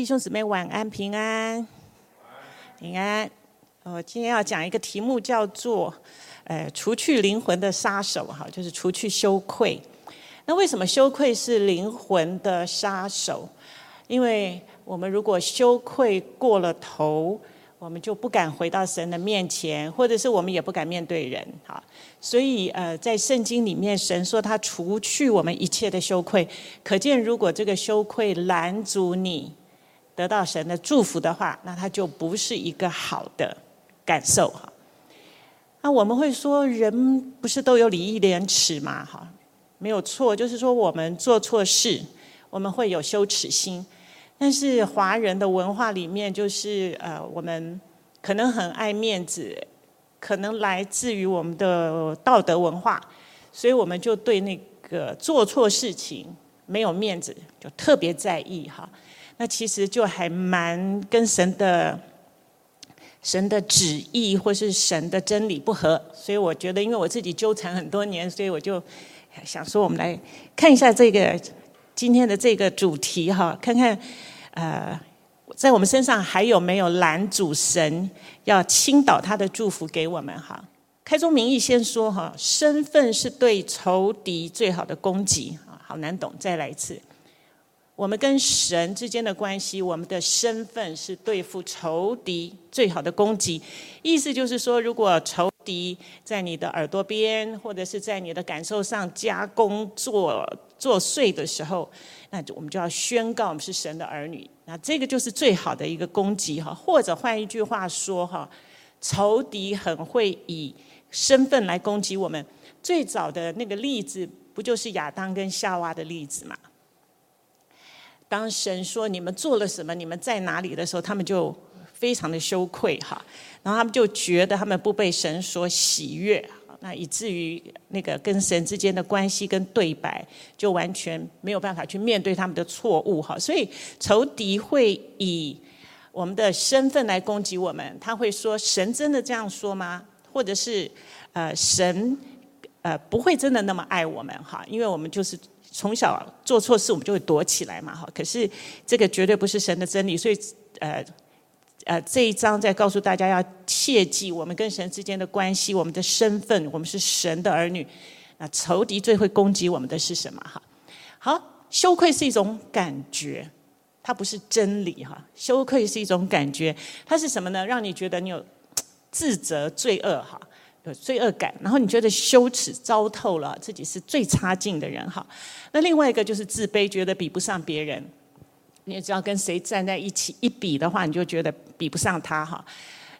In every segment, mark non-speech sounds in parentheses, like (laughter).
弟兄姊妹，晚安，平安，晚安，平安。我今天要講一個題目，叫做“呃，除去靈魂的殺手”，哈，就是除去羞愧。那為什麼羞愧是靈魂的殺手？因為我們如果羞愧過了頭，我們就不敢回到神的面前，或者是我們也不敢面對人，哈。所以，呃，在聖經裡面，神說他除去我們一切的羞愧，可見如果這個羞愧攔阻你。得到神的祝福的話，那他就不是一個好的感受哈。那我們會說，人不是都有禮義廉恥嗎？哈，沒有錯，就是說我們做錯事，我們會有羞恥心。但是華人的文化裡面，就是呃，我們可能很愛面子，可能來自於我們的道德文化，所以我們就對那個做錯事情沒有面子，就特別在意哈。那其實就還蠻跟神的神的旨意或是神的真理不合，所以我覺得，因為我自己糾纏很多年，所以我就想說，我們來看一下這個今天的這個主題哈，看看呃，在我們身上還有沒有攔阻神要傾倒他的祝福給我們哈？開宗明義先說哈，身份是對仇敵最好的攻擊啊，好難懂，再來一次。我們跟神之間的關係，我們的身份是對付仇敵最好的攻擊。意思就是說，如果仇敵在你的耳朵邊，或者是在你的感受上加工作作祟的時候，那我們就要宣告我們是神的兒女。那這個就是最好的一個攻擊哈。或者換一句話說哈，仇敵很會以身份來攻擊我們。最早的那個例子，不就是亞當跟夏娃的例子嘛？當神說，你們做了什麼，你們在哪裡的時候，他們就非常的羞愧哈，然後他們就覺得他們不被神所喜悅，那以至於那個跟神之間的關係跟對白就完全沒有辦法去面對他們的錯誤哈，所以仇敵會以我們的身份來攻擊我們，他會說，神真的這樣說嗎？或者是呃，神呃，不會真的那麼愛我們哈，因為我們就是。從小做錯事，我們就會躲起來嘛，哈。可是這個絕對不是神的真理，所以，呃，呃，這一章在告訴大家要切記，我們跟神之間的關係，我們的身份，我們是神的兒女。那仇敵最會攻擊我們的是什麼？哈，好，羞愧是一種感覺，它不是真理，哈。羞愧是一種感覺，它是什麼呢？讓你覺得你有自責、罪惡，哈。有罪惡感，然後你覺得羞恥糟透了，自己是最差勁的人哈。那另外一個就是自卑，覺得比不上別人。你只要跟誰站在一起一比的話，你就覺得比不上他哈。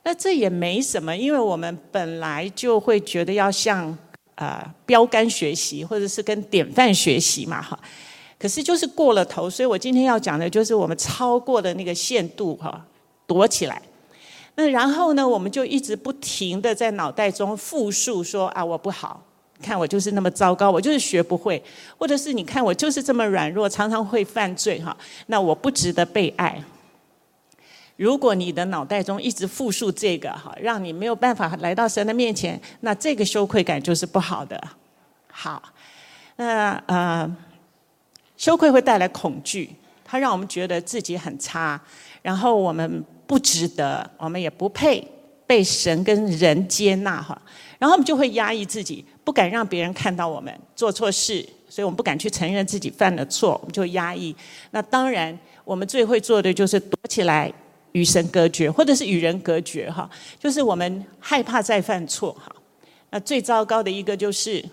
那這也沒什麼，因為我們本來就會覺得要向呃標杆學習，或者是跟典範學習嘛哈。可是就是過了頭，所以我今天要講的就是我們超過的那個限度哈，躲起來。那然後呢，我們就一直不停地在腦袋中複述說：“啊，我不好，看我就是那麼糟糕，我就是學不會，或者是你看我就是這麼軟弱，常常會犯罪哈。那我不值得被愛。如果你的腦袋中一直複述這個哈，讓你沒有辦法來到神的面前，那這個羞愧感就是不好的。好，那呃，羞愧會帶來恐懼，它讓我們覺得自己很差，然後我們。不值得，我們也不配被神跟人接納哈。然後我們就會壓抑自己，不敢讓別人看到我們做錯事，所以我們不敢去承認自己犯了錯，我們就壓抑。那當然，我們最會做的就是躲起來，與神隔絕，或者是與人隔絕哈。就是我們害怕再犯錯哈。那最糟糕的一個就是。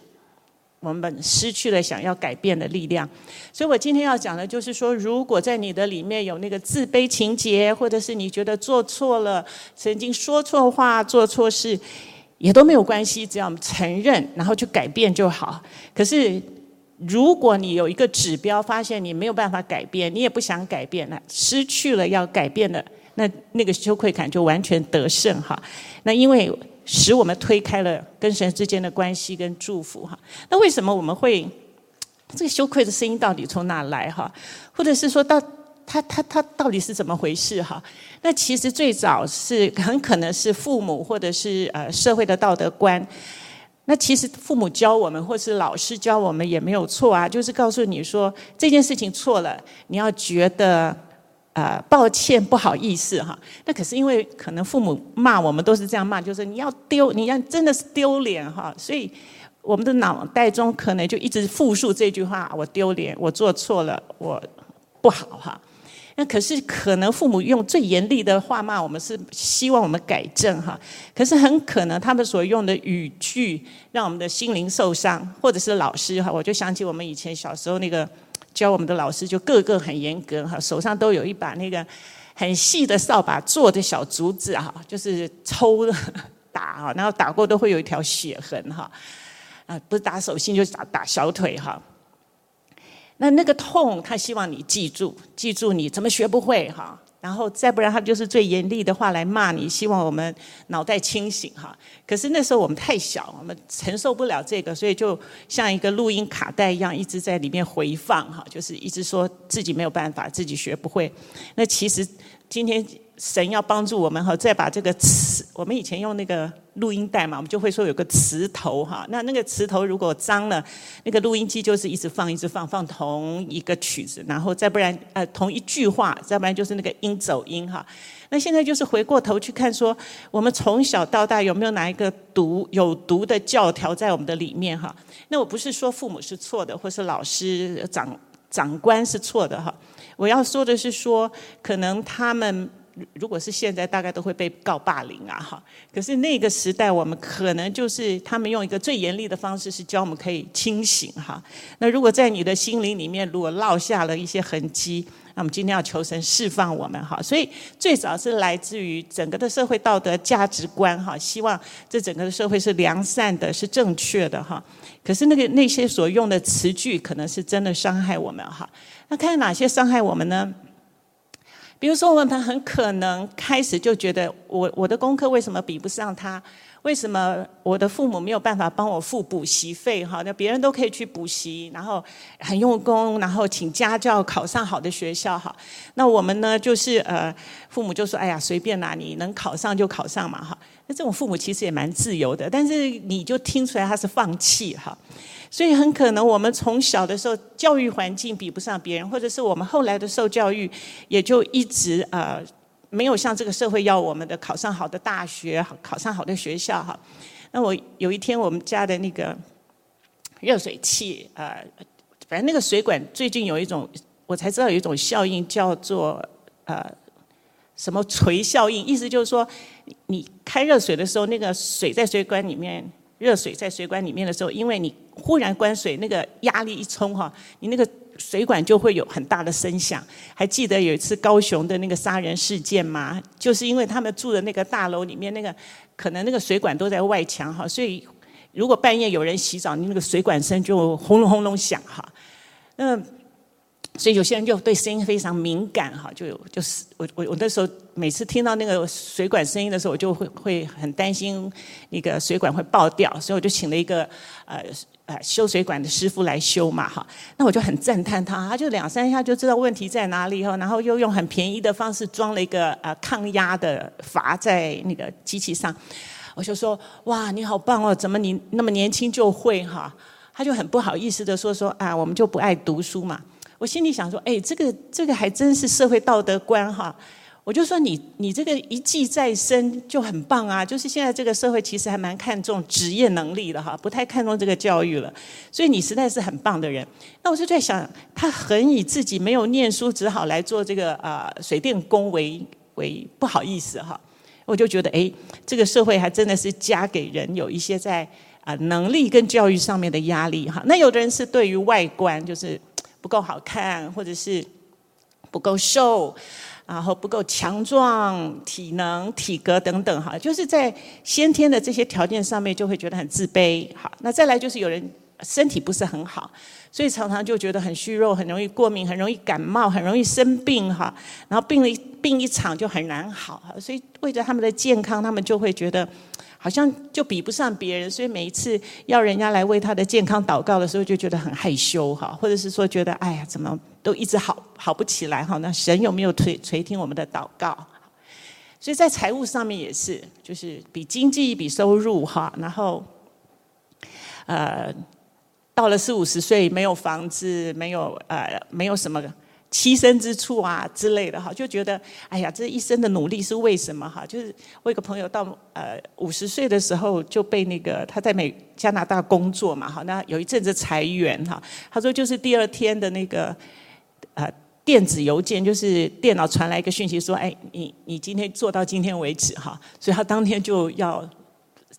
我們失去了想要改變的力量，所以我今天要講的就是說，如果在你的裡面有那個自卑情節，或者是你覺得做錯了，曾經說錯話、做錯事，也都沒有關係，只要我們承認，然後去改變就好。可是，如果你有一個指標，發現你沒有辦法改變，你也不想改變了，失去了要改變的，那那個羞愧感就完全得勝哈。那因為。使我們推開了跟神之間的關係跟祝福哈，那為什麼我們會這個羞愧的聲音到底從哪來哈？或者是說到它它它到底是怎麼回事哈？那其實最早是很可能是父母或者是呃社會的道德觀。那其實父母教我們或是老師教我們也沒有錯啊，就是告訴你說，這件事情錯了，你要覺得。啊、呃，抱歉，不好意思哈。那可是因為可能父母罵我們都是這樣罵，就是你要丟，你要真的是丟臉哈。所以我們的腦袋中可能就一直複述這句話：我丟臉，我做錯了，我不好哈。那可是可能父母用最嚴厲的話罵我們，是希望我們改正哈。可是很可能他們所用的語句，讓我們的心靈受傷，或者是老師哈，我就想起我們以前小時候那個。教我們的老師就個個很嚴格哈，手上都有一把那個很細的掃把做的小竹子哈，就是抽打哈，然後打過都會有一條血痕哈，啊，不是打手心就是打打小腿哈，那那個痛他希望你記住，記住你怎麼學不會哈。然後再不然，他就是最嚴厲的話來罵你，希望我們腦袋清醒哈。可是那時候我們太小，我們承受不了這個，所以就像一個錄音卡帶一樣，一直在裡面回放哈，就是一直說自己沒有辦法，自己學不會。那其實今天。神要幫助我們哈，再把這個磁，我們以前用那個錄音帶嘛，我們就會說有個磁頭哈。那那個磁頭如果髒了，那個錄音機就是一直放一直放，放同一個曲子，然後再不然呃同一句話，再不然就是那個音走音哈。那現在就是回過頭去看說，我們從小到大有沒有哪一個毒有毒的教條在我們的裡面哈？那我不是說父母是錯的，或是老師長長官是錯的哈。我要說的是說，可能他們。如果是現在，大概都會被告霸凌啊，哈。可是那個時代，我們可能就是他們用一個最嚴厲的方式，是教我們可以清醒哈。那如果在你的心靈裡面，如果落下了一些痕跡，那麼今天要求神釋放我們哈。所以最早是來自於整個的社會道德價值觀哈，希望這整個的社會是良善的，是正確的哈。可是那個那些所用的詞句，可能是真的傷害我們哈。那看看哪些傷害我們呢？比如說，我們很可能開始就覺得我我的功課為什麼比不上他？為什麼我的父母沒有辦法幫我付補習費？哈，那別人都可以去補習，然後很用功，然後請家教，考上好的學校。哈，那我們呢？就是呃，父母就說：“哎呀，隨便啦，啊，你能考上就考上嘛。”哈，那這種父母其實也蠻自由的，但是你就聽出來他是放棄哈。所以很可能我們從小的時候教育環境比不上別人，或者是我們後來的受教育也就一直呃……沒有像這個社會要我們的考上好的大學，考上好的學校哈。那我有一天我們家的那個熱水器啊，呃反正那個水管最近有一種我才知道有一種效應叫做呃什麼錘效應，意思就是說你開熱水的時候，那個水在水管裡面，熱水在水管裡面的時候，因為你忽然關水，那個壓力一衝哈、哦，你那個。水管就會有很大的聲響。還記得有一次高雄的那個殺人事件嗎？就是因為他們住的那個大樓裡面那個，可能那個水管都在外牆哈，所以如果半夜有人洗澡，你那個水管聲就轟隆轟隆響哈。那所以有些人就對聲音非常敏感哈，就就是我我我那時候每次聽到那個水管聲音的時候，我就會會很擔心那個水管會爆掉，所以我就請了一個呃。呃，修水管的師傅來修嘛，哈，那我就很讚嘆他，他就兩三下就知道問題在哪裡哈，然後又用很便宜的方式裝了一個呃抗壓的閥在那個機器上，我就說哇，你好棒哦，怎麼你那麼年輕就會哈？他就很不好意思地說說啊，我們就不愛讀書嘛。我心裡想說，誒，這個這個還真是社會道德觀哈。我就說你你這個一技在身就很棒啊！就是現在這個社會其實還蠻看重職業能力的哈，不太看重這個教育了，所以你實在是很棒的人。那我就在想，他很以自己沒有念書，只好來做這個啊、呃、水電工為為不好意思哈。我就覺得哎，這個社會還真的是加給人有一些在啊能力跟教育上面的壓力哈。那有的人是對於外觀就是不夠好看，或者是不夠瘦。然後不夠強壯、體能、體格等等，哈，就是在先天的這些條件上面，就會覺得很自卑，哈。那再來就是有人身體不是很好，所以常常就覺得很虛弱，很容易過敏，很容易感冒，很容易生病，哈。然後病了病一場就很難好，所以為了他們的健康，他們就會覺得。好像就比不上別人，所以每一次要人家來為他的健康禱告的時候，就覺得很害羞哈，或者是說覺得哎呀，怎麼都一直好好不起來哈？那神有沒有垂垂聽我們的禱告？所以在財務上面也是，就是比經濟、比收入哈，然後呃，到了四五十歲，沒有房子，沒有呃，沒有什麼。棲身之處啊之類的哈，就覺得哎呀，這一生的努力是為什麼哈？就是我一個朋友到呃五十歲的時候就被那個他在美加拿大工作嘛哈，那有一陣子裁員哈，他說就是第二天的那個呃電子郵件，就是電腦傳來一個訊息說，哎、欸，你你今天做到今天為止哈，所以他當天就要。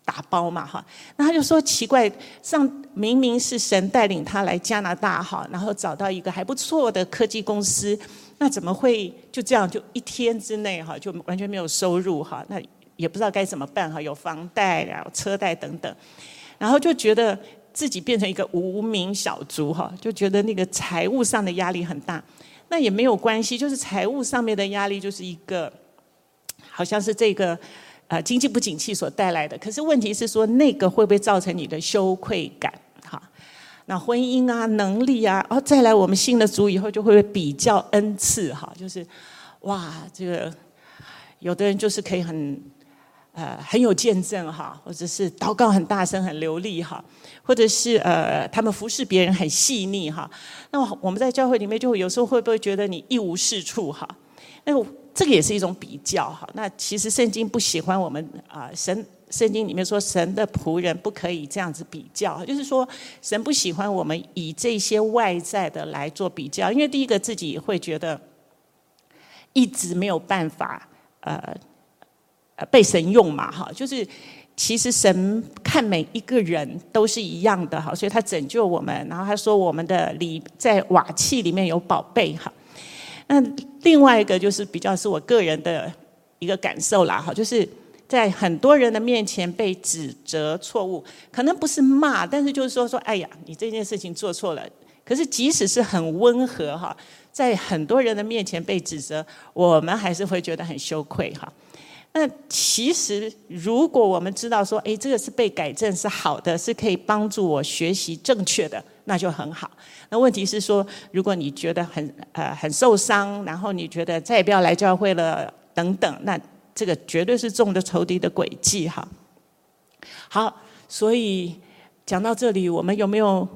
打包嘛，哈，那他就說奇怪，上明明是神帶領他來加拿大，哈，然後找到一個還不錯的科技公司，那怎麼會就這樣就一天之內，哈，就完全沒有收入，哈，那也不知道該怎麼辦，哈，有房貸啊，然後車貸等等，然後就覺得自己變成一個無名小卒，哈，就覺得那個財務上的壓力很大，那也沒有關係，就是財務上面的壓力就是一個，好像是這個。啊、呃，經濟不景氣所帶來的。可是問題是說，那個會不會造成你的羞愧感？哈，那婚姻啊，能力啊，哦，再來我們信了主以後，就會，會比較恩賜哈，就是哇，這個有的人就是可以很呃很有見證哈，或者是禱告很大聲很流利哈，或者是呃他們服侍別人很細膩哈，那我們在教會裡面就有時候會不會覺得你一無是處哈？那個。我。這個也是一種比較哈，那其實聖經不喜歡我們啊、呃，神聖經裡面說神的僕人不可以這樣子比較，就是說神不喜歡我們以這些外在的來做比較，因為第一個自己會覺得一直沒有辦法呃呃被神用嘛哈，就是其實神看每一個人都是一樣的哈，所以他拯救我們，然後他說我們的裡在瓦器裡面有寶貝哈。那另外一個就是比較是我個人的一個感受啦哈，就是在很多人的面前被指責錯誤，可能不是罵，但是就是說說，哎呀，你這件事情做錯了。可是即使是很溫和哈，在很多人的面前被指責，我們還是會覺得很羞愧哈。那其實，如果我們知道說，哎，這個是被改正是好的，是可以幫助我學習正確的，那就很好。那問題是說，如果你覺得很呃很受傷，然後你覺得再也不要來教會了等等，那這個絕對是中了仇敵的詭計哈。好，所以講到這裡，我們有沒有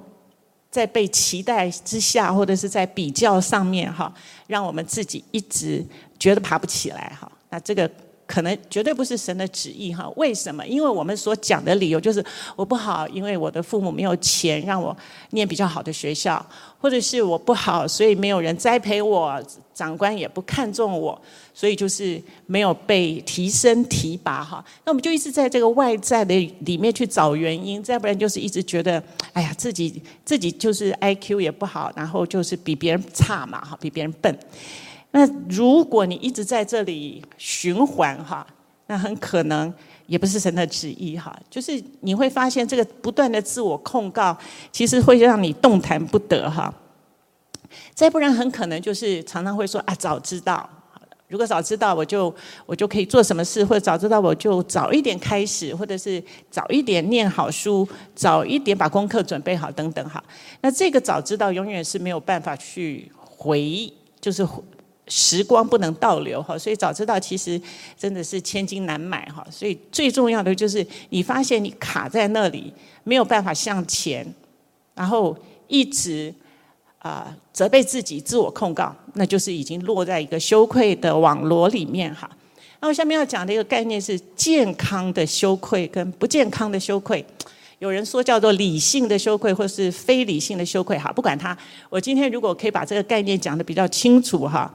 在被期待之下，或者是在比較上面哈，讓我們自己一直覺得爬不起來哈？那這個。可能絕對不是神的旨意哈。為什麼？因為我們所講的理由就是我不好，因為我的父母沒有錢讓我念比較好的學校，或者是我不好，所以沒有人栽培我，長官也不看重我，所以就是沒有被提升提拔哈。那我們就一直在這個外在的裡面去找原因，再不然就是一直覺得哎呀，自己自己就是 IQ 也不好，然後就是比別人差嘛哈，比別人笨。那如果你一直在這裡循環哈，那很可能也不是神的旨意哈。就是你會發現這個不斷的自我控告，其實會讓你動彈不得哈。再不然，很可能就是常常會說啊，早知道，如果早知道我就我就可以做什麼事，或者早知道我就早一點開始，或者是早一點念好書，早一點把功課準備好等等哈。那這個早知道永遠是沒有辦法去回，就是。時光不能倒流哈，所以早知道其實真的是千金難買哈，所以最重要的就是你發現你卡在那裡，沒有辦法向前，然後一直啊責備自己、自我控告，那就是已經落在一個羞愧的網羅裡面哈。那我下面要講的一個概念是健康的羞愧跟不健康的羞愧，有人說叫做理性的羞愧或是非理性的羞愧哈，不管它。我今天如果可以把這個概念講得比較清楚哈。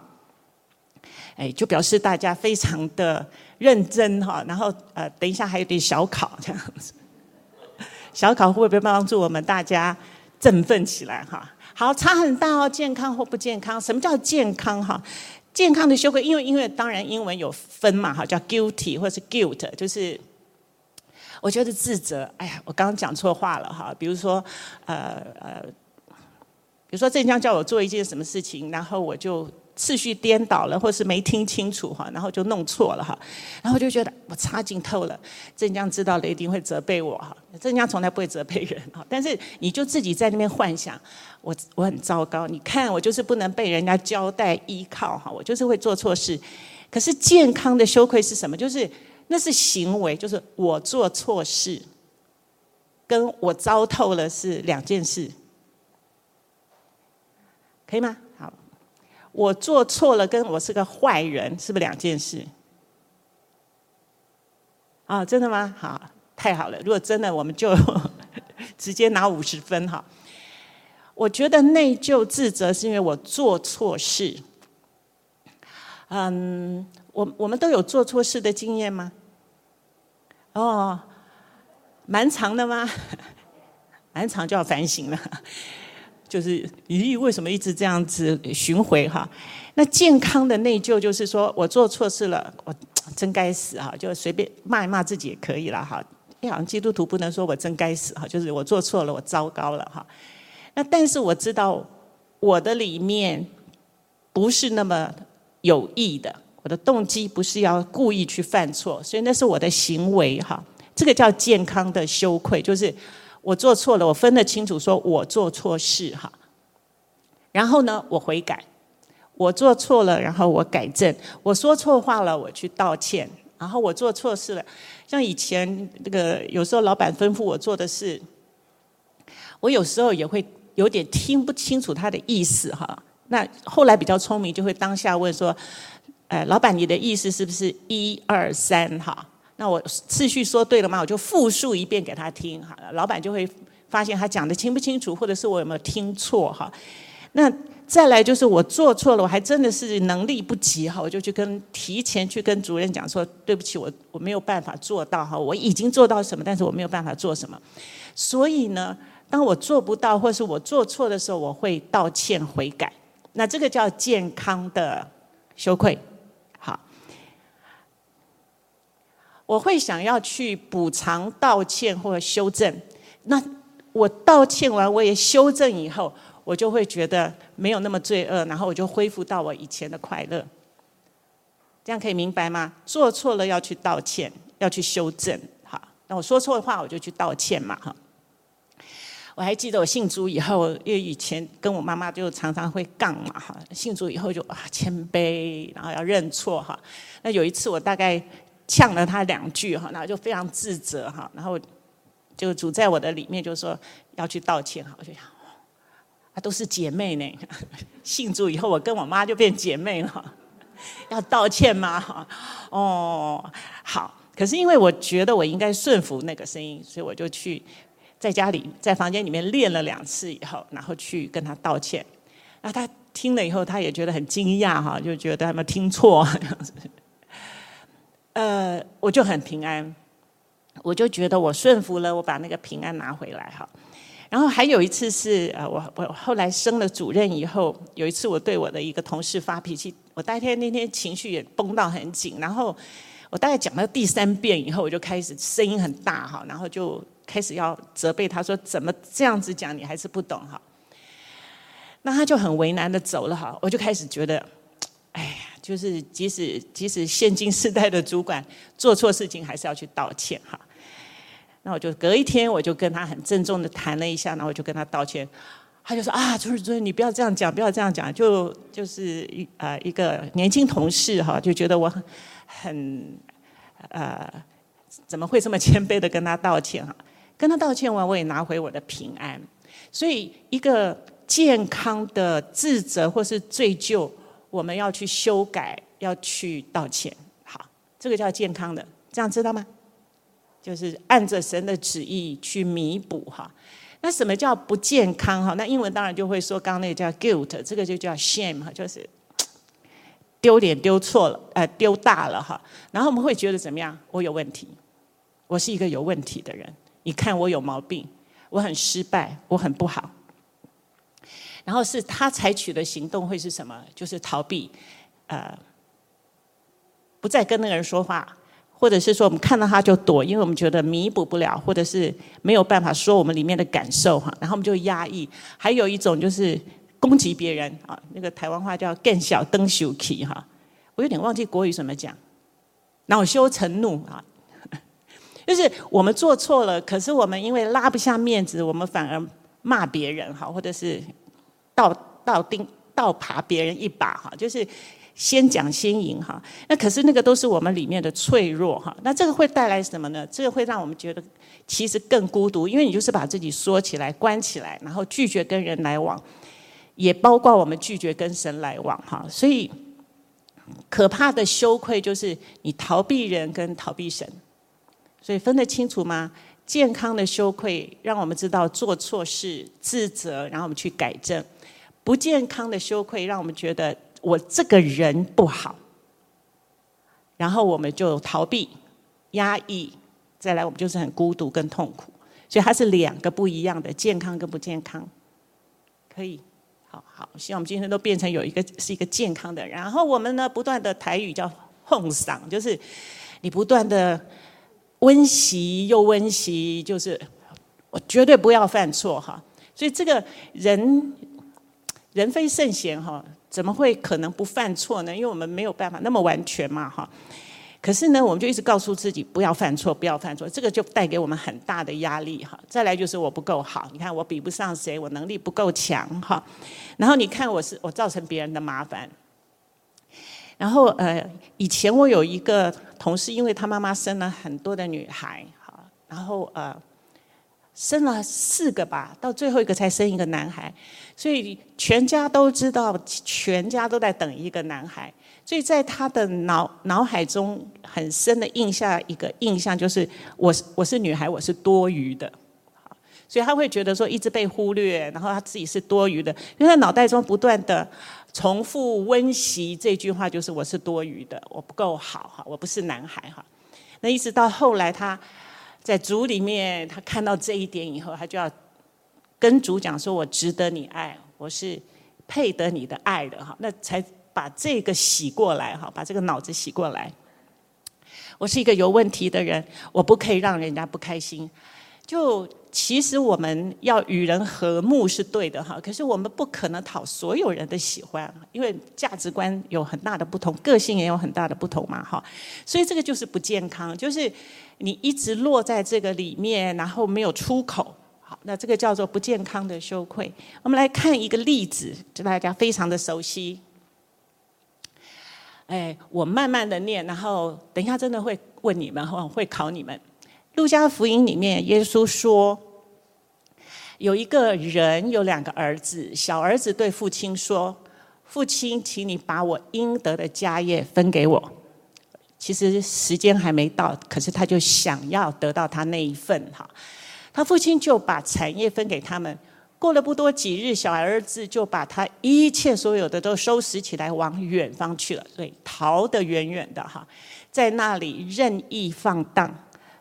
誒就表示大家非常的認真哈。然後呃，等一下還有點小考這樣子，小考會不會幫助我們大家振奮起來哈？好，差很大哦，健康或不健康。什麼叫健康哈？健康的羞愧，因為因為當然英文有分嘛哈，叫 guilty 或是 guilt，就是我覺得自責。哎呀，我剛剛講錯話了哈。比如說呃呃，比如說鎮江叫我做一件什麼事情，然後我就。次序顛倒了，或是沒聽清楚哈，然後就弄錯了哈，然後就覺得我差勁透了。鎮江知道了一定會責備我哈，鎮江從來不會責備人哈，但是你就自己在那邊幻想，我我很糟糕，你看我就是不能被人家交代依靠哈，我就是會做錯事。可是健康的羞愧是什麼？就是那是行為，就是我做錯事，跟我糟透了是兩件事，可以嗎？.我做錯了，跟我是個壞人，是不是兩件事？啊、哦，真的嗎？好，太好了！如果真的，我們就呵呵直接拿五十分哈。我覺得內疚自責是因為我做錯事。嗯，我我們都有做錯事的經驗嗎？哦，蠻長的嗎？蠻長就要反省了。就是咦，為什麼一直這樣子循環哈？那健康的內疚就是說我做錯事了，我真該死哈，就隨便罵一罵自己也可以了哈。好像基督徒不能說我真該死哈，就是我做錯了，我糟糕了哈。那但是我知道我的裡面不是那麼有意的，我的動機不是要故意去犯錯，所以那是我的行為哈。這個叫健康的羞愧，就是。我做錯了，我分得清楚，說我做錯事哈。然後呢，我悔改，我做錯了，然後我改正。我說錯話了，我去道歉。然後我做錯事了，像以前這個有時候老闆吩咐我做的事，我有時候也會有點聽不清楚他的意思哈。那後來比較聰明，就會當下問說：“哎、呃，老闆，你的意思是不是一二三？”哈。那我次序說對了嗎？我就複述一遍給他聽好了，老闆就會發現他講得清不清楚，或者是我有沒有聽錯哈。那再來就是我做錯了，我還真的是能力不及哈，我就去跟提前去跟主任講說對不起，我我沒有辦法做到哈，我已經做到什麼，但是我沒有辦法做什麼。所以呢，當我做不到或者是我做錯的時候，我會道歉悔改。那這個叫健康的羞愧。我會想要去補償、道歉或者修正。那我道歉完，我也修正以後，我就會覺得沒有那麼罪惡，然後我就恢復到我以前的快樂。這樣可以明白嗎？做錯了要去道歉，要去修正。好，那我說錯的話，我就去道歉嘛。哈，我還記得我信主以後，因為以前跟我媽媽就常常會槓嘛。哈，信主以後就啊謙卑，然後要認錯。哈，那有一次我大概。嗆了她兩句哈，然後就非常自責哈，然後就住在我的裡面，就說要去道歉哈。我就想、哦，啊，都是姐妹呢，信主以後我跟我媽就變姐妹了，要道歉嗎？哈，哦，好。可是因為我覺得我應該順服那個聲音，所以我就去在家裡在房間裡面練了兩次以後，然後去跟她道歉。那她聽了以後，她也覺得很驚訝哈，就覺得她沒聽錯。呃，我就很平安，我就覺得我順服了，我把那個平安拿回來哈。然後還有一次是呃，我我後來升了主任以後，有一次我對我的一個同事發脾氣，我當天那天情緒也繃到很緊，然後我大概講到第三遍以後，我就開始聲音很大哈，然後就開始要責備他說怎麼這樣子講，你還是不懂哈。那他就很為難的走了哈，我就開始覺得。哎呀，就是即使即使現今世代的主管做錯事情，還是要去道歉哈。那我就隔一天，我就跟他很鄭重的談了一下，然後我就跟他道歉。他就說啊，張主任，你不要這樣講，不要這樣講。就就是一呃一個年輕同事哈，就覺得我很很呃，怎麼會這麼謙卑的跟他道歉哈？跟他道歉完，我也拿回我的平安。所以，一個健康的自責或是罪疚，我們要去修改，要去道歉。好，這個叫健康的，這樣知道嗎？就是按着神的旨意去彌補哈。那什麼叫不健康？哈，那英文當然就會說，剛剛那個叫 guilt，這個就叫 shame，就是丟臉丟錯了，呃，丟大了哈。然後我們會覺得怎麼樣？我有問題，我是一個有問題的人。你看我有毛病，我很失敗，我很不好。然後是他採取的行動會是什麼？就是逃避，呃，不再跟那個人說話，或者是說我們看到他就躲，因為我們覺得彌補不了，或者是沒有辦法說我們裡面的感受哈。然後我們就壓抑。還有一種就是攻擊別人啊，那個台灣話叫“見笑轉生氣”哈，我有點忘記國語怎麼講，惱羞成怒啊，就是我們做錯了，可是我們因為拉不下面子，我們反而罵別人哈，或者是。倒倒釘倒爬別人一把哈，就是先講先贏哈。那可是那個都是我們裡面的脆弱哈。那這個會帶來什麼呢？這個會讓我們覺得其實更孤獨，因為你就是把自己縮起來、關起來，然後拒絕跟人來往，也包括我們拒絕跟神來往哈。所以可怕的羞愧就是你逃避人跟逃避神。所以分得清楚嗎？健康的羞愧讓我們知道做錯事自責，然後我們去改正。不健康的羞愧讓我們覺得我這個人不好，然後我們就逃避、壓抑，再來我們就是很孤獨跟痛苦，所以它是兩個不一樣的健康跟不健康。可以，好好，希望我們今天都變成有一個是一個健康的人。然後我們呢，不斷的台語叫放送，就是你不斷的溫習又溫習，就是我絕對不要犯錯哈。所以這個人。人非聖賢，哈，怎麼會可能不犯錯呢？因為我們沒有辦法那麼完全嘛，哈。可是呢，我們就一直告訴自己不要犯錯，不要犯錯，這個就帶給我們很大的壓力，哈。再來就是我不夠好，你看我比不上誰，我能力不夠強，哈。然後你看我是我造成別人的麻煩。然後呃，以前我有一個同事，因為她媽媽生了很多的女孩，哈，然後呃。生了四個吧，到最後一個才生一個男孩，所以全家都知道，全家都在等一個男孩。所以在他的腦腦海中很深的印象，一個印象就是：我是我是女孩，我是多餘的。所以他會覺得說，一直被忽略，然後他自己是多餘的，因為他腦袋中不斷地重複溫習這句話，就是我是多餘的，我不夠好哈，我不是男孩哈。那一直到後來他。在主裡面，他看到這一點以後，他就要跟主講說：“我值得你愛，我是配得你的愛的。”哈，那才把這個洗過來，哈，把這個腦子洗過來。我是一個有問題的人，我不可以讓人家不開心。就其實我們要與人和睦是對的哈，可是我們不可能討所有人的喜歡，因為價值觀有很大的不同，個性也有很大的不同嘛哈，所以這個就是不健康，就是你一直落在這個裡面，然後沒有出口，好，那這個叫做不健康的羞愧。我們來看一個例子，就大家非常的熟悉。哎，我慢慢的念，然後等一下真的會問你們，會考你們。《路加福音》裡面，耶穌說：“有一個人有兩個兒子，小兒子對父親說：‘父親，請你把我應得的家業分給我。’其實時間還沒到，可是他就想要得到他那一份。哈，他父親就把產業分給他們。過了不多幾日，小兒子就把他一切所有的都收拾起來，往遠方去了，對，逃得遠遠的。哈，在那裡任意放蕩。”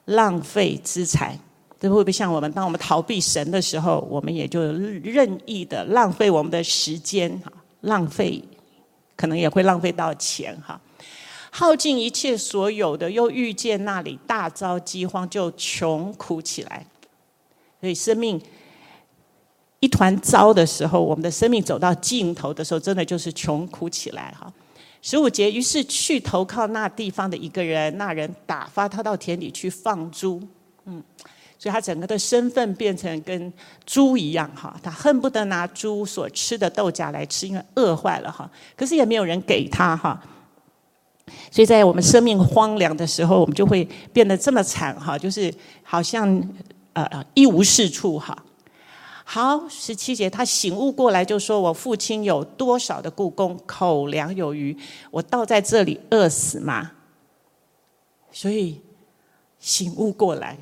浪費資財，這會不會像我們？當我們逃避神的時候，我們也就任意的浪費我們的時間哈，浪費，可能也會浪費到錢哈，耗盡一切所有的，又遇見那裡大遭饑荒，就窮苦起來。所以生命一團糟的時候，我們的生命走到盡頭的時候，真的就是窮苦起來哈。十五節，於是去投靠那地方的一個人，那人打發他到田裡去放豬，嗯，所以他整個的身份變成跟豬一樣哈，他恨不得拿豬所吃的豆莢來吃，因為餓壞了哈，可是也沒有人給他哈，所以在我們生命荒涼的時候，我們就會變得這麼慘哈，就是好像呃一無是處哈。好，十七節，她醒悟過來，就說：“我父親有多少的雇工，口糧有餘，我倒在這裡餓死嗎？”所以醒悟過來。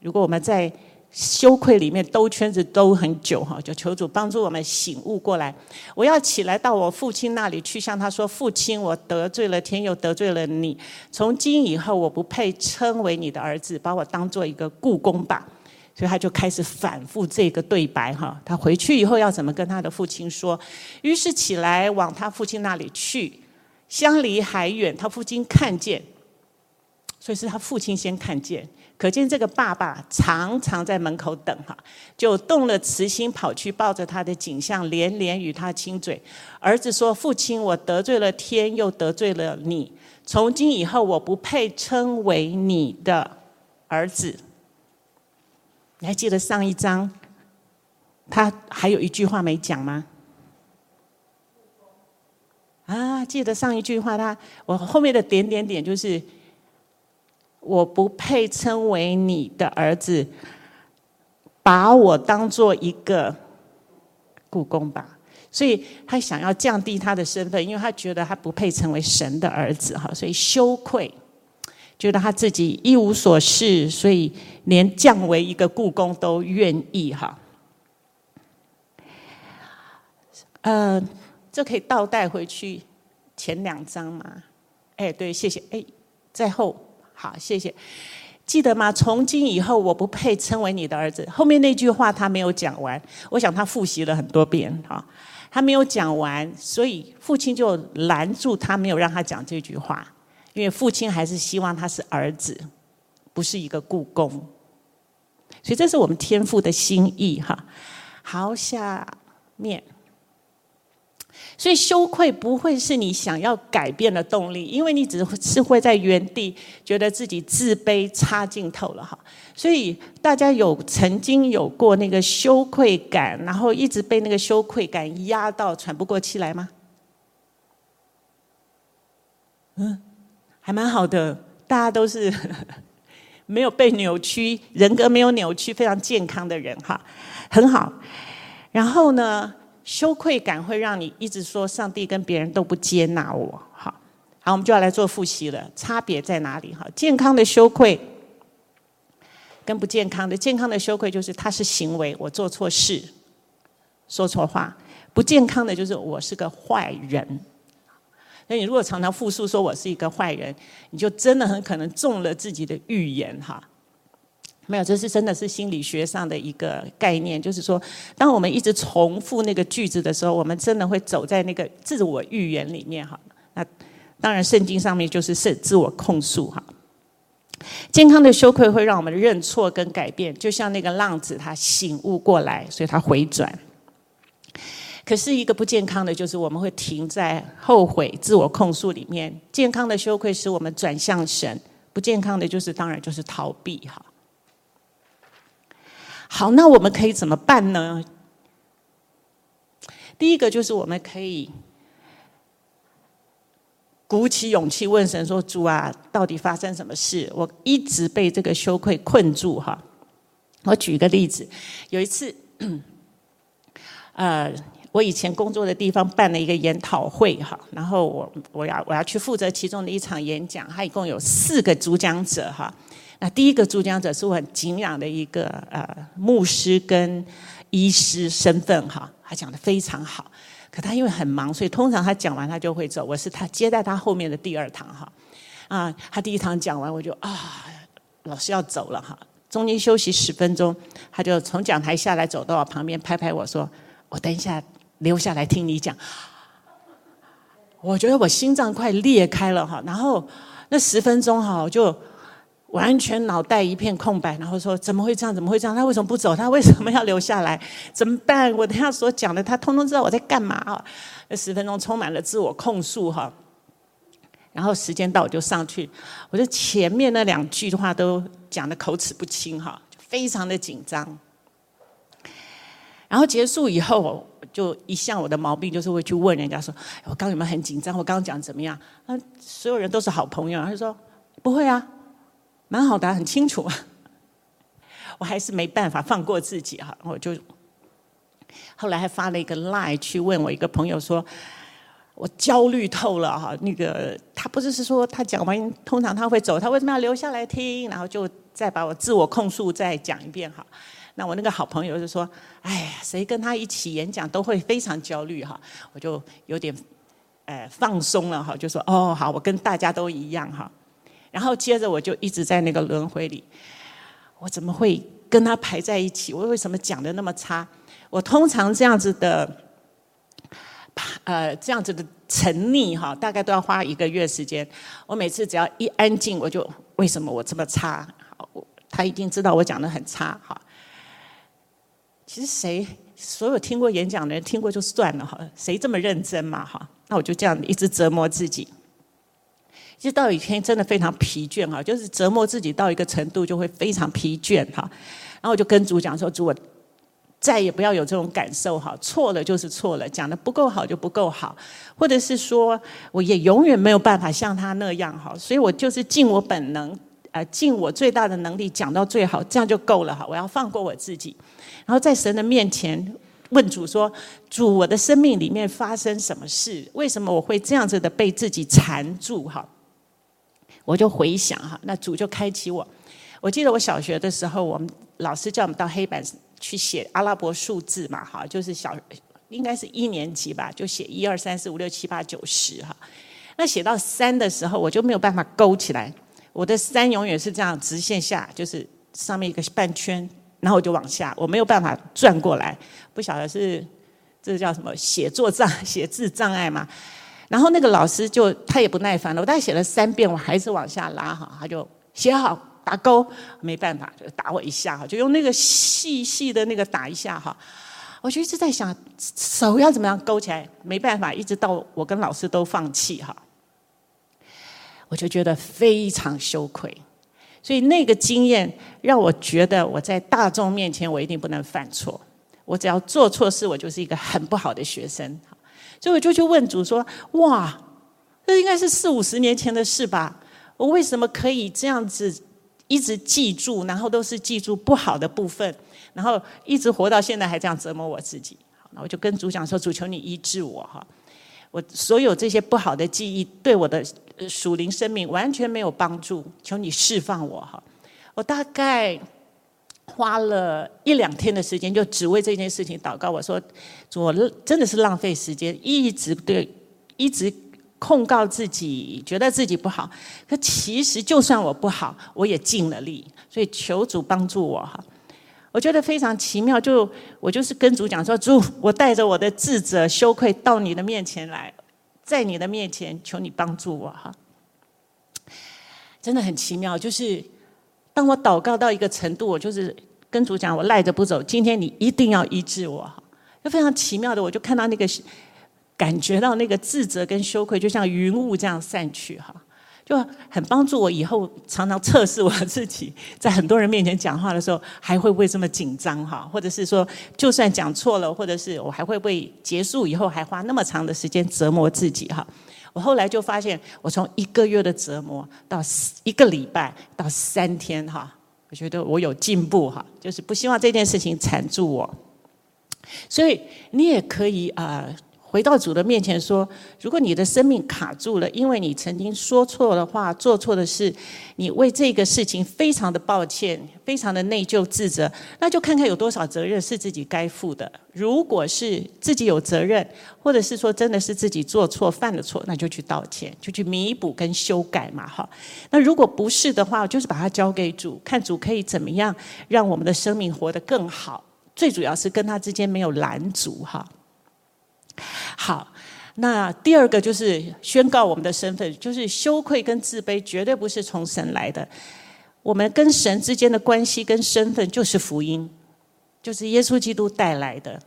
如果我們在羞愧裡面兜圈子兜很久哈，就求主幫助我們醒悟過來。我要起來到我父親那裡去，向他說：“父親，我得罪了天，又得罪了你。從今以後，我不配稱為你的兒子，把我當做一個雇工吧。”所以他就開始反覆這個對白哈，他回去以後要怎麼跟他的父親說？於是起來往他父親那裡去，相離還遠，他父親看見，所以是他父親先看見，可見這個爸爸常常在門口等哈，就動了慈心，跑去抱着他的頸項，連連與他親嘴。兒子說：“父親，我得罪了天，又得罪了你，從今以後我不配稱為你的兒子。”你還記得上一章，他還有一句話沒講嗎？啊，記得上一句話，他我後面的點點點就是，我不配稱為你的兒子，把我當做一個雇工吧，所以他想要降低他的身份，因為他覺得他不配成為神的兒子哈，所以羞愧。覺得他自己一無所事，所以連降為一個雇工都願意哈。呃，這可以倒帶回去前兩章嗎？哎，對，謝謝。哎，在後，好，謝謝。記得嗎？從今以後，我不配稱為你的兒子。後面那句話他沒有講完，我想他複習了很多遍哈，他沒有講完，所以父親就攔住他，沒有讓他講這句話。因為父親還是希望他是兒子，不是一個僱工，所以這是我們天父的心意哈。好，下面，所以羞愧不會是你想要改變的動力，因為你只是會在原地覺得自己自卑差勁透了哈。所以大家有曾經有過那個羞愧感，然後一直被那個羞愧感壓到喘不過氣來嗎？嗯。還蠻好的，大家都是沒有被扭曲，人格沒有扭曲，非常健康的人哈，很好。然後呢，羞愧感會讓你一直說上帝跟別人都不接納我。好，好，我們就要來做復習了，差別在哪裡？哈，健康的羞愧跟不健康的，健康的羞愧就是他是行為，我做錯事，說錯話；不健康的，就是我是個壞人。所以你如果常常復述說我是一個壞人，你就真的很可能中了自己的預言哈。沒有，這是真的是心理學上的一個概念，就是說，當我們一直重複那個句子的時候，我們真的會走在那個自我預言裡面哈。那當然，聖經上面就是自自我控訴哈。健康的羞愧會讓我們認錯跟改變，就像那個浪子他醒悟過來，所以他回轉。可是，一個不健康的，就是我們會停在後悔、自我控訴裡面；健康的羞愧使我們轉向神。不健康的，就是當然就是逃避哈。好，那我們可以怎麼辦呢？第一個就是我們可以鼓起勇氣問神說：“主啊，到底發生什麼事？我一直被這個羞愧困住哈。”我舉一個例子，有一次，呃。我以前工作的地方辦了一個研討會哈，然後我我要我要去負責其中的一場演講，他一共有四個主講者哈。那第一個主講者是我很敬仰的一個呃牧師跟醫師身份哈，他講得非常好。可他因為很忙，所以通常他講完他就會走。我是他接待他後面的第二堂哈。啊，他第一堂講完我就啊，老師要走了哈。中間休息十分鐘，他就從講台下來走到我旁邊拍拍我說，我等一下留下來聽你講。我覺得我心臟快裂開了哈，然後那十分鐘哈，就完全腦袋一片空白，然後說怎麼會這樣，怎麼會這樣，他為什麼不走，他為什麼要留下來，怎麼辦？我等下所講的，他通通知道我在幹嘛啊。那十分鐘充滿了自我控訴哈，然後時間到我就上去，我就前面那兩句話都講得口齒不清哈，非常的緊張。然後結束以後，就一向我的毛病就是會去問人家說：“我剛有沒有很緊張？我剛剛講怎麼樣？”嗯，所有人都是好朋友、啊，他就說：“不會啊，蠻好的、啊，很清楚、啊。”我還是沒辦法放過自己哈，我就後來還發了一個 line 去問我一個朋友說：“我焦慮透了哈。”那個他不是是說他講完，通常他會走，他為什麼要留下來聽？然後就再把我自我控訴再講一遍哈。那我那個好朋友就說：“哎呀，誰跟他一起演講都會非常焦慮哈。”我就有點哎放鬆了哈，就說：“哦好，我跟大家都一樣哈。”然後接着我就一直在那個輪迴裡，我怎麼會跟他排在一起？我為什麼講的那麼差？我通常這樣子的呃這樣子的沉溺哈，大概都要花一個月時間。我每次只要一安靜，我就為什麼我這麼差？他一定知道我講的很差哈。其實誰，所有聽過演講的人聽過就算了哈，誰這麼認真嘛哈？那我就這樣一直折磨自己。一直到有一天真的非常疲倦哈，就是折磨自己到一個程度就會非常疲倦哈。然後我就跟主講說：“主，我再也不要有這種感受哈，錯了就是錯了，講得不夠好就不夠好，或者是說我也永遠沒有辦法像他那樣哈，所以我就是盡我本能。”呃，盡我最大的能力講到最好，這樣就夠了哈。我要放過我自己，然後在神的面前問主說：“主，我的生命裡面發生什麼事？為什麼我會這樣子的被自己纏住？”哈，我就回想哈，那主就開啟我。我記得我小學的時候，我們老師叫我們到黑板去寫阿拉伯數字嘛，哈，就是小，應該是一年級吧，就寫一二三四五六七八九十哈。那寫到三的時候，我就沒有辦法勾起來。我的3永遠是這樣直線下，就是上面一個半圈，然後我就往下，我沒有辦法轉過來，不曉得是這是叫什麼寫作障、寫字障礙嘛。然後那個老師就他也不耐煩了，我大概寫了三遍，我還是往下拉哈，他就寫好打勾，沒辦法就打我一下哈，就用那個細細的那個打一下哈。我就一直在想手要怎麼樣勾起來，沒辦法，一直到我跟老師都放棄哈。我就覺得非常羞愧，所以那個經驗讓我覺得我在大眾面前我一定不能犯錯。我只要做錯事，我就是一個很不好的學生。所以我就去問主說：“哇，這應該是四五十年前的事吧？我為什麼可以這樣子一直記住，然後都是記住不好的部分，然後一直活到現在還這樣折磨我自己？”那我就跟主講說：“主，求你醫治我哈！我所有這些不好的記憶對我的。”呃，屬靈生命完全沒有幫助，求你釋放我哈！我大概花了一兩天的時間，就只為這件事情禱告我，我說，我真的是浪費時間，一直對，一直控告自己，覺得自己不好。可其實，就算我不好，我也盡了力。所以求主幫助我哈！我覺得非常奇妙，就我就是跟主講說，主，我帶着我的自責、羞愧到你的面前來。在你的面前，求你幫助我哈，真的很奇妙。就是當我禱告到一個程度，我就是跟主講，我賴着不走，今天你一定要醫治我哈。就非常奇妙的，我就看到那個感覺到那個自責跟羞愧，就像雲霧這樣散去哈。就很幫助我以後常常測試我自己，在很多人面前講話的時候，還會不會這麼緊張哈？或者是說，就算講錯了，或者是我還會不會結束以後還花那麼長的時間折磨自己哈？我後來就發現，我從一個月的折磨到一個禮拜到三天哈，我覺得我有進步哈，就是不希望這件事情纏住我。所以你也可以啊、呃。回到主的面前說：“如果你的生命卡住了，因為你曾經說錯的話、做錯的事，你為這個事情非常的抱歉、非常的內疚、自責，那就看看有多少責任是自己該負的。如果是自己有責任，或者是說真的是自己做錯、犯了錯，那就去道歉，就去彌補跟修改嘛。哈，那如果不是的話，就是把它交給主，看主可以怎麼樣讓我們的生命活得更好。最主要是跟他之間沒有攔阻，哈。”好，那第二個就是宣告我們的身份，就是羞愧跟自卑絕對不是從神來的。我們跟神之間的關係跟身份就是福音，就是耶穌基督帶來的。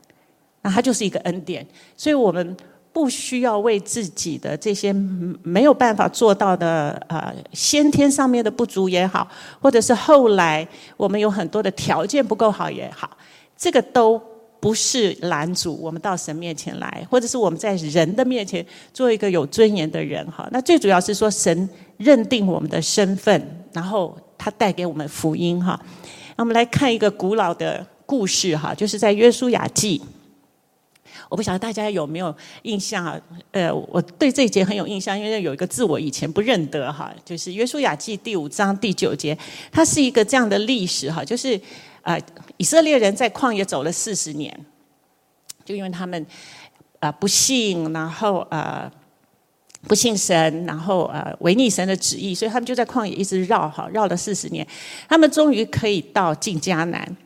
那它就是一個恩典，所以我們不需要為自己的這些沒有辦法做到的，呃，先天上面的不足也好，或者是後來我們有很多的條件不夠好也好，這個都。不是攔阻我們到神面前來，或者是我們在人的面前做一個有尊嚴的人哈。那最主要是說神認定我們的身份，然後他帶給我們福音哈。那我們來看一個古老的故事哈，就是在約書亞記。我不曉得大家有沒有印象啊？呃，我對這一節很有印象，因為有一個字我以前不認得哈，就是約書亞記第五章第九節，它是一個這樣的歷史哈，就是。啊、呃，以色列人在曠野走了四十年，就因為他們啊、呃、不信，然後啊、呃、不信神，然後啊、呃、違逆神的旨意，所以他們就在曠野一直繞哈，繞了四十年，他們終於可以到進迦南。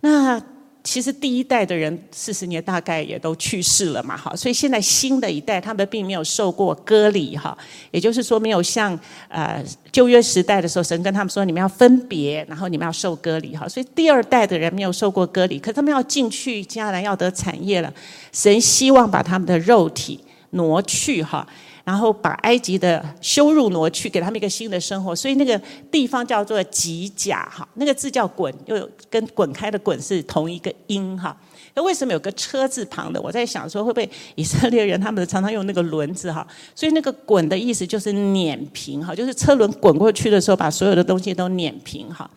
那其實第一代的人四十年大概也都去世了嘛，哈，所以現在新的一代他們並沒有受過割禮哈，也就是說沒有像呃舊約時代的時候，神跟他們說你們要分別，然後你們要受割禮哈，所以第二代的人沒有受過割禮，可他們要進去迦南要得產業了，神希望把他們的肉體挪去哈。然後把埃及的羞辱挪去，給他們一個新的生活，所以那個地方叫做吉甲哈，那個字叫滾，又有跟滾開的滾是同一個音哈。那為什麼有個車字旁的？我在想說，會不會以色列人他們常常用那個輪子哈？所以那個滾的意思就是碾平哈，就是車輪滾過去的時候，把所有的東西都碾平哈。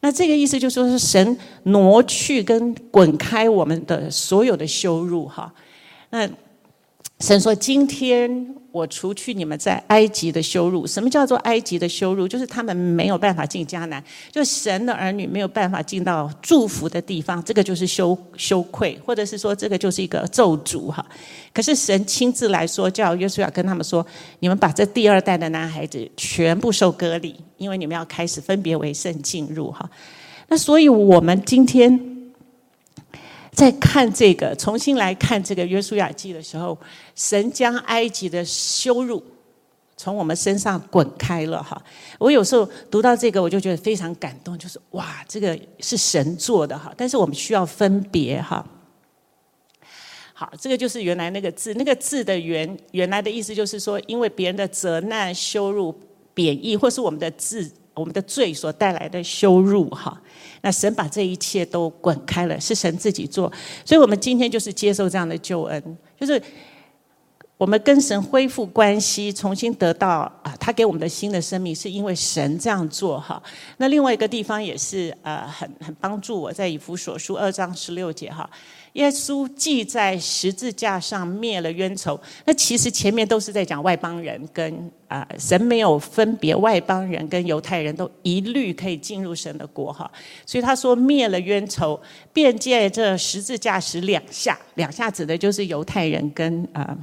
那這個意思就說是神挪去跟滾開我們的所有的羞辱哈。那。神說：“今天我除去你們在埃及的羞辱。”什麼叫做埃及的羞辱？就是他們沒有辦法進迦南，就神的兒女沒有辦法進到祝福的地方。這個就是羞羞愧，或者是說這個就是一個咒詛哈。可是神親自來說，叫約書亞要跟他們說：你們把這第二代的男孩子全部受割禮，因為你們要開始分別為聖進入哈。那所以我們今天。”在看這個，重新來看這個《約書亞記》的時候，神將埃及的羞辱從我們身上滾開了哈。我有時候讀到這個，我就覺得非常感動，就是哇，這個是神做的哈。但是我們需要分別哈。好，這個就是原來那個字，那個字的原原來的意思就是說，因為別人的責難、羞辱、貶義，或是我們的字。我們的罪所帶來的羞辱，哈，那神把這一切都滾開了，是神自己做，所以我們今天就是接受這樣的救恩，就是。我們跟神恢復關係，重新得到啊，他、呃、給我們的新的生命，是因為神這樣做哈。那另外一個地方也是啊、呃，很很幫助我，在以弗所書二章十六節哈，耶穌既在十字架上滅了冤仇。那其實前面都是在講外邦人跟啊、呃、神沒有分別，外邦人跟猶太人都一律可以進入神的國哈。所以他說滅了冤仇，便借這十字架使兩下，兩下指的就是猶太人跟啊。呃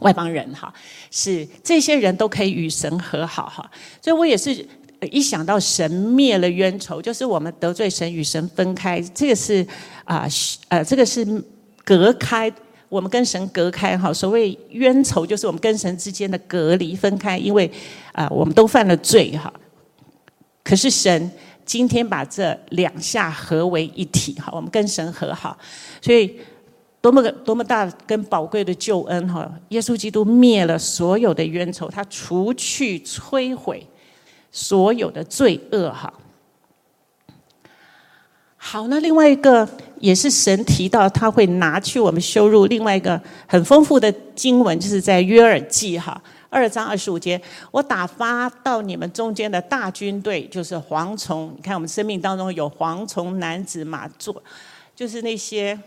外邦人哈，是這些人都可以與神和好哈，所以我也是一想到神滅了冤仇，就是我們得罪神與神分開，這個是啊，呃，這個是隔開我們跟神隔開哈。所謂冤仇，就是我們跟神之間的隔離分開，因為啊，我們都犯了罪哈。可是神今天把這兩下合為一體哈，我們跟神和好，所以。多麼的，多麼大跟寶貴的救恩哈！耶穌基督滅了所有的冤仇，他除去摧毀所有的罪惡哈。好，那另外一個也是神提到他會拿去我們羞辱，另外一個很豐富的經文就是在約珥記哈二章二十五節，我打發到你們中間的大軍隊就是蝗蟲，你看我們生命當中有蝗蟲、蝻子、螞蚱，就是那些。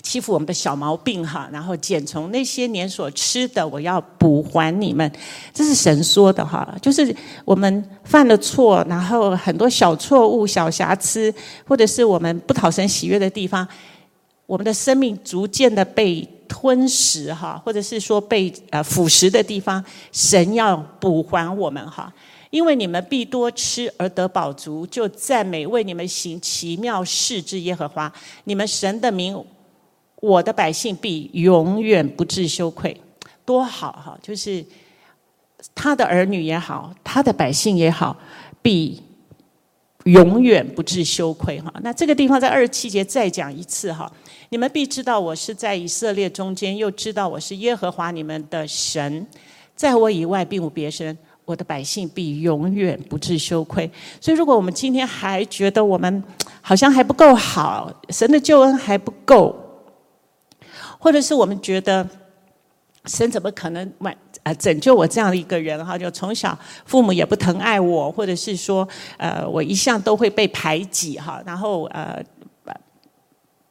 欺負我們的小毛病哈，然後剪蟲，那些年所吃的，我要補還你們。這是神說的哈，就是我們犯了錯，然後很多小錯誤、小瑕疵，或者是我們不討神喜悅的地方，我們的生命逐漸的被吞噬哈，或者是說被呃腐蝕的地方，神要補還我們哈。因為你們必多吃而得飽足，就讚美為你們行奇妙事之耶和華，你們神的名。我的百姓必永遠不至羞愧，多好哈！就是他的兒女也好，他的百姓也好，必永遠不至羞愧哈。那這個地方在二十七節再講一次哈。你們必知道，我是在以色列中間，又知道我是耶和華你們的神，在我以外並無別神。我的百姓必永遠不至羞愧。所以，如果我們今天還覺得我們好像還不夠好，神的救恩還不夠。或者是我們覺得，神怎麼可能挽拯救我這樣的一個人哈？就從小父母也不疼愛我，或者是說，呃，我一向都會被排擠哈，然後呃，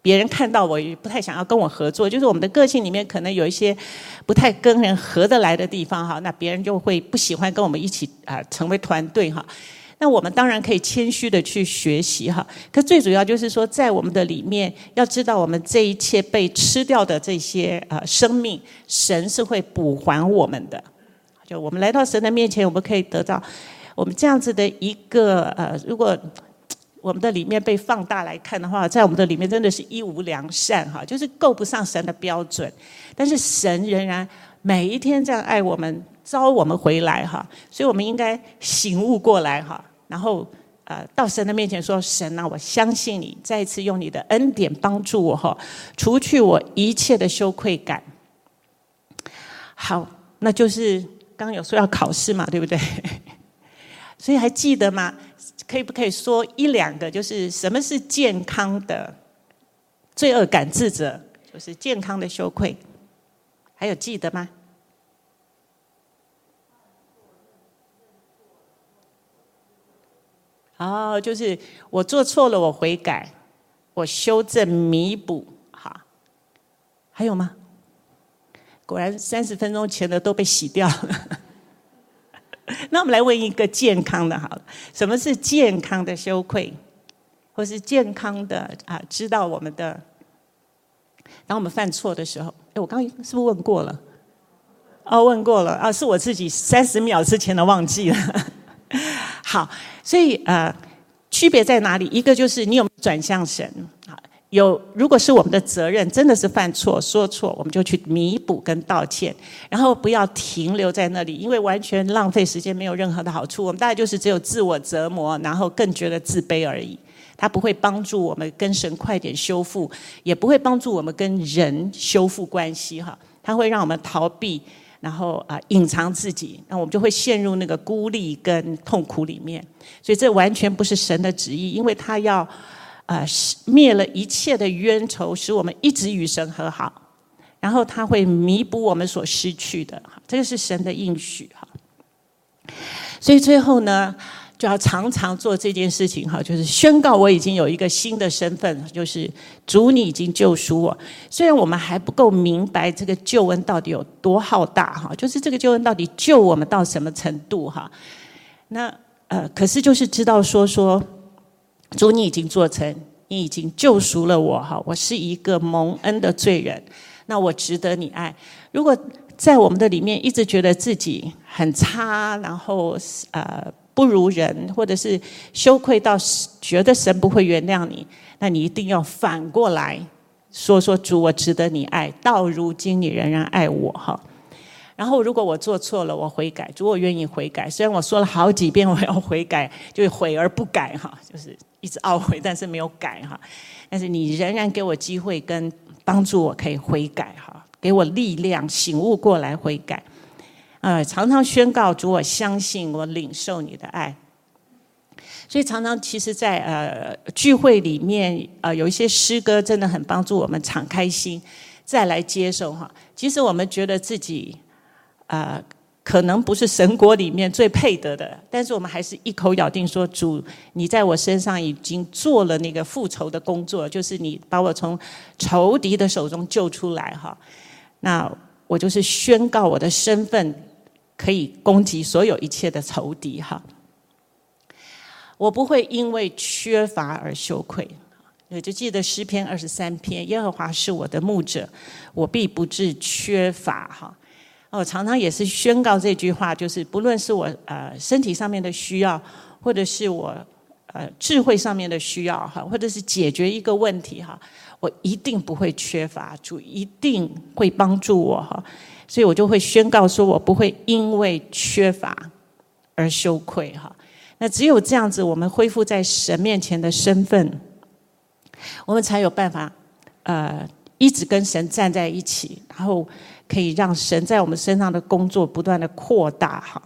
別人看到我也不太想要跟我合作，就是我們的個性裡面可能有一些不太跟人合得來的地方哈，那別人就會不喜歡跟我們一起啊成為團隊哈。那我們當然可以謙虛的去學習哈，可最主要就是說，在我們的裡面，要知道我們這一切被吃掉的這些呃生命，神是會補還我們的。就我們來到神的面前，我們可以得到我們這樣子的一個呃，如果我們的裡面被放大來看的話，在我們的裡面，真的是一無良善哈，就是夠不上神的標準。但是神仍然每一天這樣愛我們，召我們回來哈，所以我們應該醒悟過來哈。然後，呃，到神的面前說：“神啊，我相信你，再一次用你的恩典幫助我哈，除去我一切的羞愧感。”好，那就是剛剛有說要考試嘛，對不對？所以還記得嗎？可以不可以說一兩個，就是什麼是健康的罪惡感？自責就是健康的羞愧，還有記得嗎？哦、oh，就是我做錯了，我悔改，我修正彌補，哈，還有嗎？果然三十分鐘前的都被洗掉了。 (laughs) 那我們來問一個健康的，好了，什麼是健康的羞愧，或是健康的啊？知道我們的，當我們犯錯的時候，哎，我剛剛是不是問過了？哦，問過了啊，是我自己三十秒之前的忘記了。好，所以呃，區別在哪裡？一個就是你有沒有轉向神，有如果是我們的責任，真的是犯錯說錯，我們就去彌補跟道歉，然後不要停留在那裡，因為完全浪費時間，沒有任何的好處。我們大概就是只有自我折磨，然後更覺得自卑而已。它不會幫助我們跟神快點修復，也不會幫助我們跟人修復關係。哈，它會讓我們逃避。然後啊，隱藏自己，那我們就會陷入那個孤立跟痛苦裡面。所以這完全不是神的旨意，因為他要啊，滅了一切的冤仇，使我們一直與神和好。然後他會彌補我們所失去的，這個是神的應許哈。所以最後呢，就要常常做這件事情，哈，就是宣告我已經有一個新的身份，就是主，你已經救贖我。雖然我們還不夠明白這個救恩到底有多浩大，哈，就是這個救恩到底救我們到什麼程度，哈。那呃，可是就是知道說說，主，你已經做成，你已經救贖了我，哈，我是一個蒙恩的罪人，那我值得你愛。如果在我們的裡面一直覺得自己很差，然後呃。不如人，或者是羞愧到覺得神不會原諒你，那你一定要反過來說說，主，我值得你愛。到如今你仍然愛我哈。然後如果我做錯了，我悔改。主，我願意悔改。雖然我說了好幾遍我要悔改，就會悔而不改哈，就是一直懊悔，但是沒有改哈。但是你仍然給我機會跟幫助，我可以悔改哈，給我力量醒悟過來悔改。呃，常常宣告主，我相信，我領受你的愛。所以常常，其實在，在呃聚會裡面，呃，有一些詩歌真的很幫助我們敞開心，再來接受哈。其實我們覺得自己啊、呃，可能不是神國裡面最配得的，但是我們還是一口咬定說，主，你在我身上已經做了那個復仇的工作，就是你把我從仇敵的手中救出來哈。那我就是宣告我的身份。可以攻擊所有一切的仇敵哈！我不會因為缺乏而羞愧。我就記得詩篇二十三篇，耶和華是我的牧者，我必不致缺乏哈！我常常也是宣告這句話，就是不論是我呃身體上面的需要，或者是我呃智慧上面的需要哈，或者是解決一個問題哈，我一定不會缺乏，主一定會幫助我哈。所以我就會宣告說，我不會因為缺乏而羞愧哈。那只有這樣子，我們恢復在神面前的身份，我們才有辦法呃一直跟神站在一起，然後可以讓神在我們身上的工作不斷的擴大哈。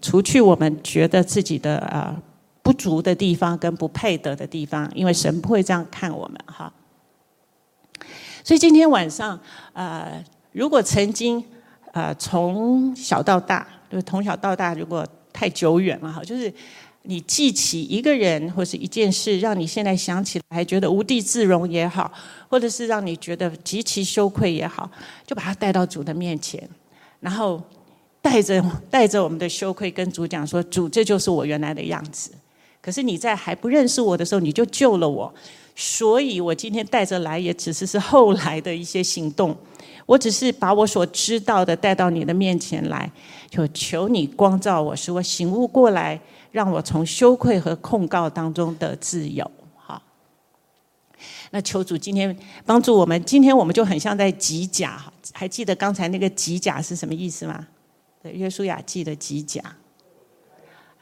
除去我們覺得自己的呃不足的地方跟不配得的地方，因為神不會這樣看我們哈。所以今天晚上呃。如果曾經，呃，從小到大，就是從小到大，如果太久遠了哈，就是你記起一個人或是一件事，讓你現在想起來覺得無地自容也好，或者是讓你覺得極其羞愧也好，就把它帶到主的面前，然後帶着帶着我們的羞愧跟主講說：“主，這就是我原來的樣子。可是你在還不認識我的時候，你就救了我，所以我今天帶着來，也只是是後來的一些行動。”我只是把我所知道的帶到你的面前來，就求你光照我，使我醒悟過來，讓我從羞愧和控告當中得自由。好，那求主今天幫助我們。今天我們就很像在吉甲，還記得剛才那個吉甲是什麼意思嗎？對，約書亞記的吉甲，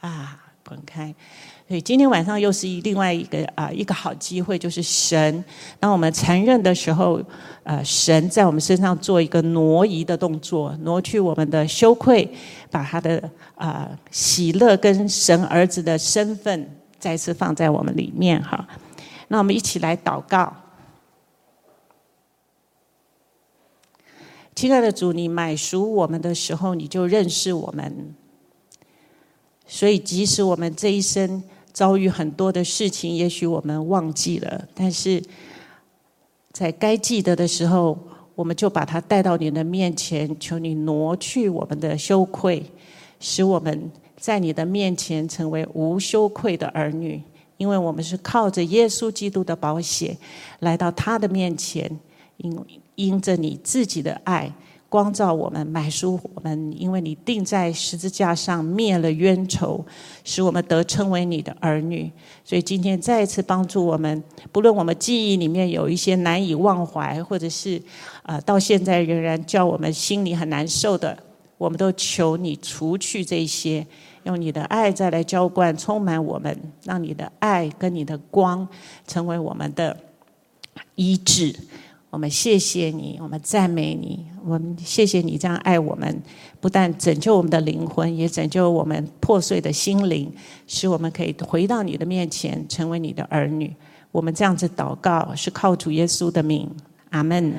啊，滾開！所以今天晚上又是另外一個啊、呃，一個好機會，就是神。那我們承認的時候，啊、呃，神在我們身上做一個挪移的動作，挪去我們的羞愧，把他的啊、呃、喜樂跟神兒子的身份再次放在我們裡面哈。那我們一起來禱告。親愛的主，你買贖我們的時候，你就認識我們。所以，即使我們這一生，遭遇很多的事情，也許我們忘記了，但是在該記得的時候，我們就把它帶到你的面前，求你挪去我們的羞愧，使我們在你的面前成為無羞愧的兒女。因為我們是靠着耶穌基督的寶血來到他的面前，因因着你自己的愛。光照我們，買贖我們，因為你釘在十字架上，滅了冤仇，使我們得稱為你的兒女。所以今天再一次幫助我們，不論我們記憶裡面有一些難以忘懷，或者是呃，到現在仍然叫我們心裡很難受的，我們都求你除去這些，用你的愛再來澆灌，充滿我們，讓你的愛跟你的光成為我們的醫治。我們謝謝你，我們讚美你，我們謝謝你這樣愛我們，不但拯救我們的靈魂，也拯救我們破碎的心靈，使我們可以回到你的面前，成為你的兒女。我們這樣子禱告，是靠主耶穌的名。阿門。